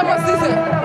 Adama Cissé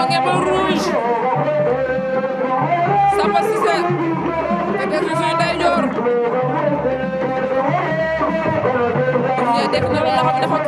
mu ngemb rouge Samba Cissé tëddee ci suñu ndeyjoor bu ñu dekk na la loxo bi dafa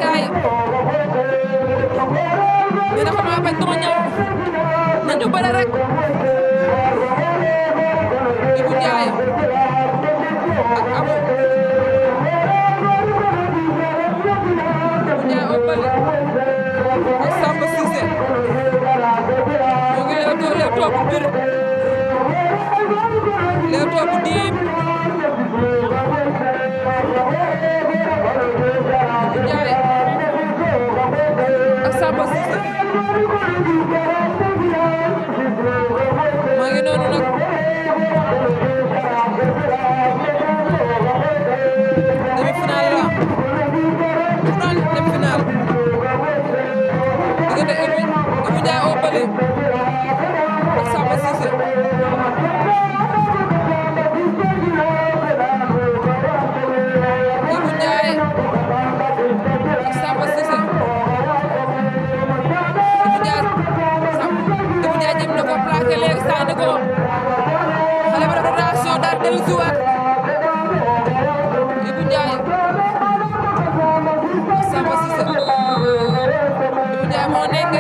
moo nekk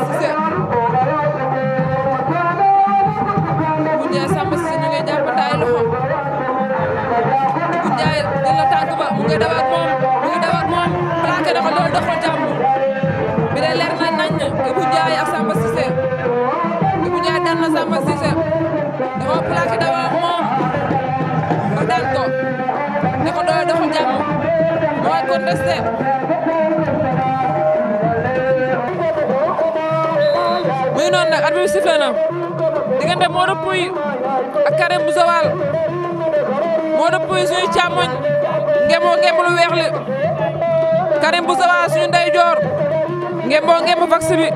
Samba Cissé Goudiaye Samba Cissé ñu ngi jàpp taay loxo Goudiaye jël na tànk ba mu ngi dawaat moom mu ngi dawaat moom plaqué na ko loolu doxul jàmm bi de leer na nañ Goudiaye ak Samba Cissé Goudiaye daan na Samba Cissé dafa plaqué dawaat moom ba daan ko ne ko loolu doxul jàmm mooy contesté mu ngi noonu nag arbitre bi sifflé na diggante Modou Pouye ak Karim bu Joal Modou Pouye suñu càmmoñ ngemboo ngemb lu weex li Karim bu Joal suñu ndeyjoor ngemboo ngemb vax bi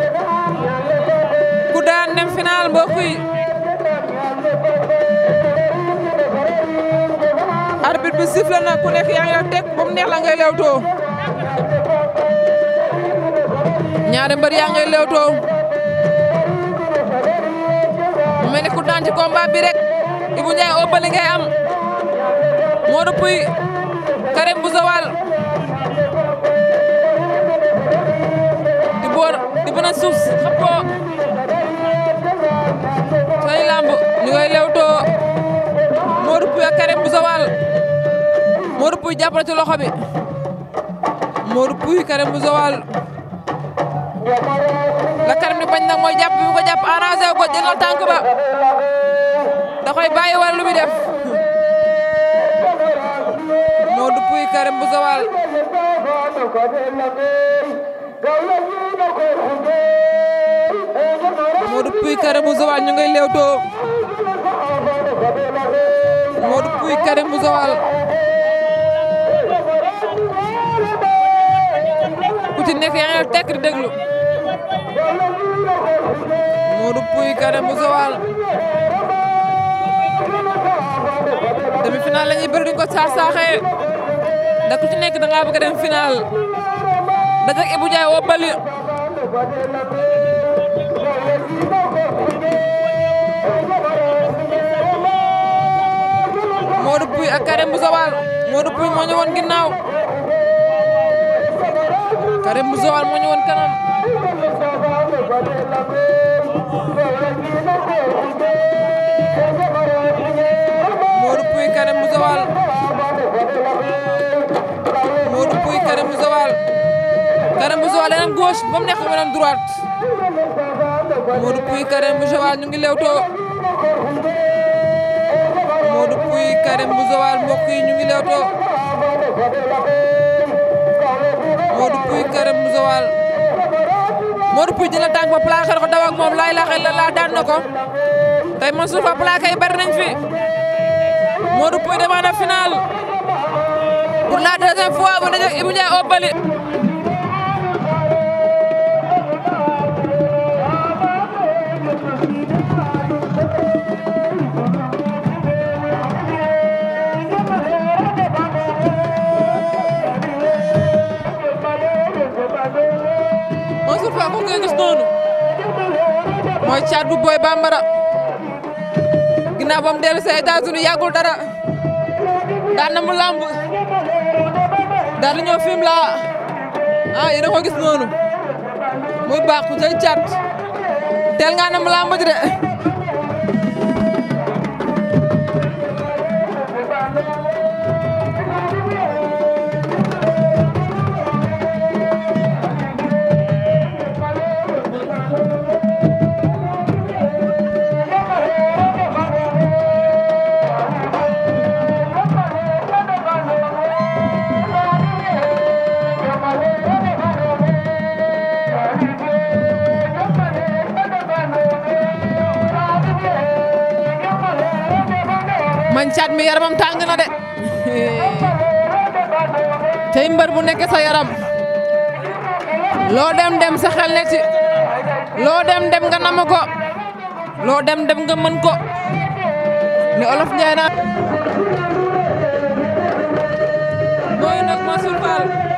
ku daan dem final mbokk yi arbitre bi sifflé na ku nekk yaa ngi la teg ba mu neex la ñaari mbër yaa ngay lewtoo pourtant ci combat bi rek Ibou Ndiaye ëppale ngay am Modou Pouye Karim bu Zawal di boor sooy làmb ñu koy lewtoo Modou Pouye ak Karim bu Zawal Modou Pouye jàpp na ci loxo bi Modou Pouye Karim la Karim di bañ nag mooy jàpp bi mu ko jàpp arrangé na tànk ba koy bàyyi wala lu muy def Modou Pouye Karim bu Joal Modou Pouye Karim bu Joal ñu ngay leewtoo Modou Pouye Karim bu Joal ku ci nekk yaa ngi tekk di déglu demi-finale la ñuy bëri ko saax saaxee da ci nekk da ngaa bëgg a dem finale dajak Ibou Ndiaye woo Bally Modou ak Karim bu Zowal Modou Pouye moo ñu woon ginnaaw Karim bu Zowal moo ñu woon kanam Modou Pouye Kairé Moussa Wall Modou Pouye Kairé Moussa Wall Kairé Moussa Wall leneen gauche ba mu nekk beneen droite Modou Pouye Kairé Moussa Wall ñu ngi lewtoo Modou Pouye Kairé Moussa Wall mbokk yi ñu ngi lewtoo tànk ba plaqué ko daw moom laay laxee la daan na ko tey Mansour Faye plaqué yi bari nañ fi Modou Pouye demande en finale pour la deuxième fois bu dajeek Ibou Ndiaye au Bali Mansour Faye ko nga gis noonu mooy caat bu booy bambara ginnaaw ba mu dellu si États-Unis yàggul dara daan na mu làmb daan nañoo film la ah yéen gis noonu muy baax ku ca cat teel ngaa ne mu làmb de. Ngagne mi yaramam tàng na de tey mbër bu nekk sa yaram loo dem dem sa xel ne ci loo dem dem nga nam ko loo dem dem nga mën ko ni olof Ndiaye naa mooy nag Mansour Fall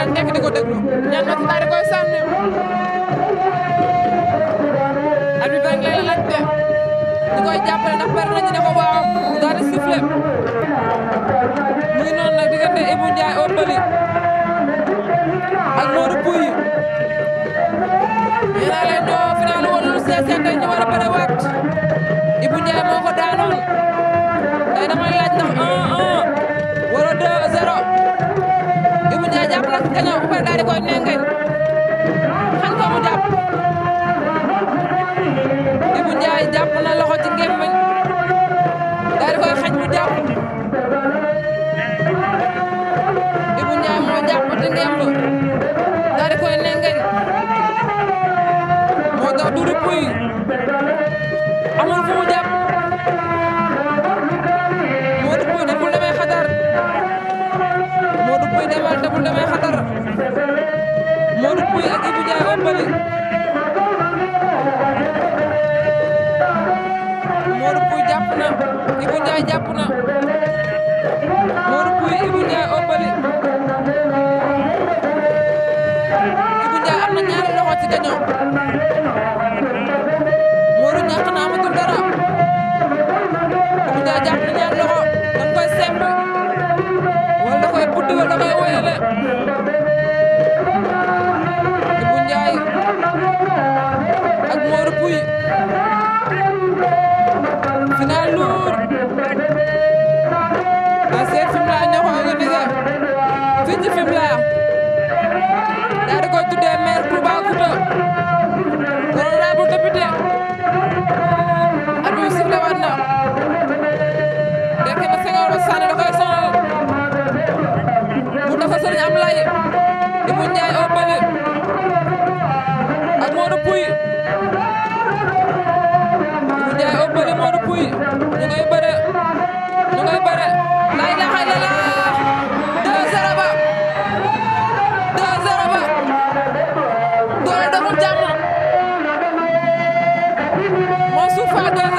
rek nekk di ko déglu ñaan ma daal di koy sànni at bi ba ngi lay laajte di koy jàppale ndax pare nañu ne ko waaw daal di sifflé muy noonu nag diggante Ibou Ndiaye Obeuli ak Modou Pouye jàpp moo jàpp di ngemb daal di koy nengeñ moo daw duuru puy amul fu mu Ibou Ndiaye jàpp na Modou Pouye Ibou Ndiaye ëppali Ibou Ndiaye am na ñaari loxo ci gañoo Mansour Fada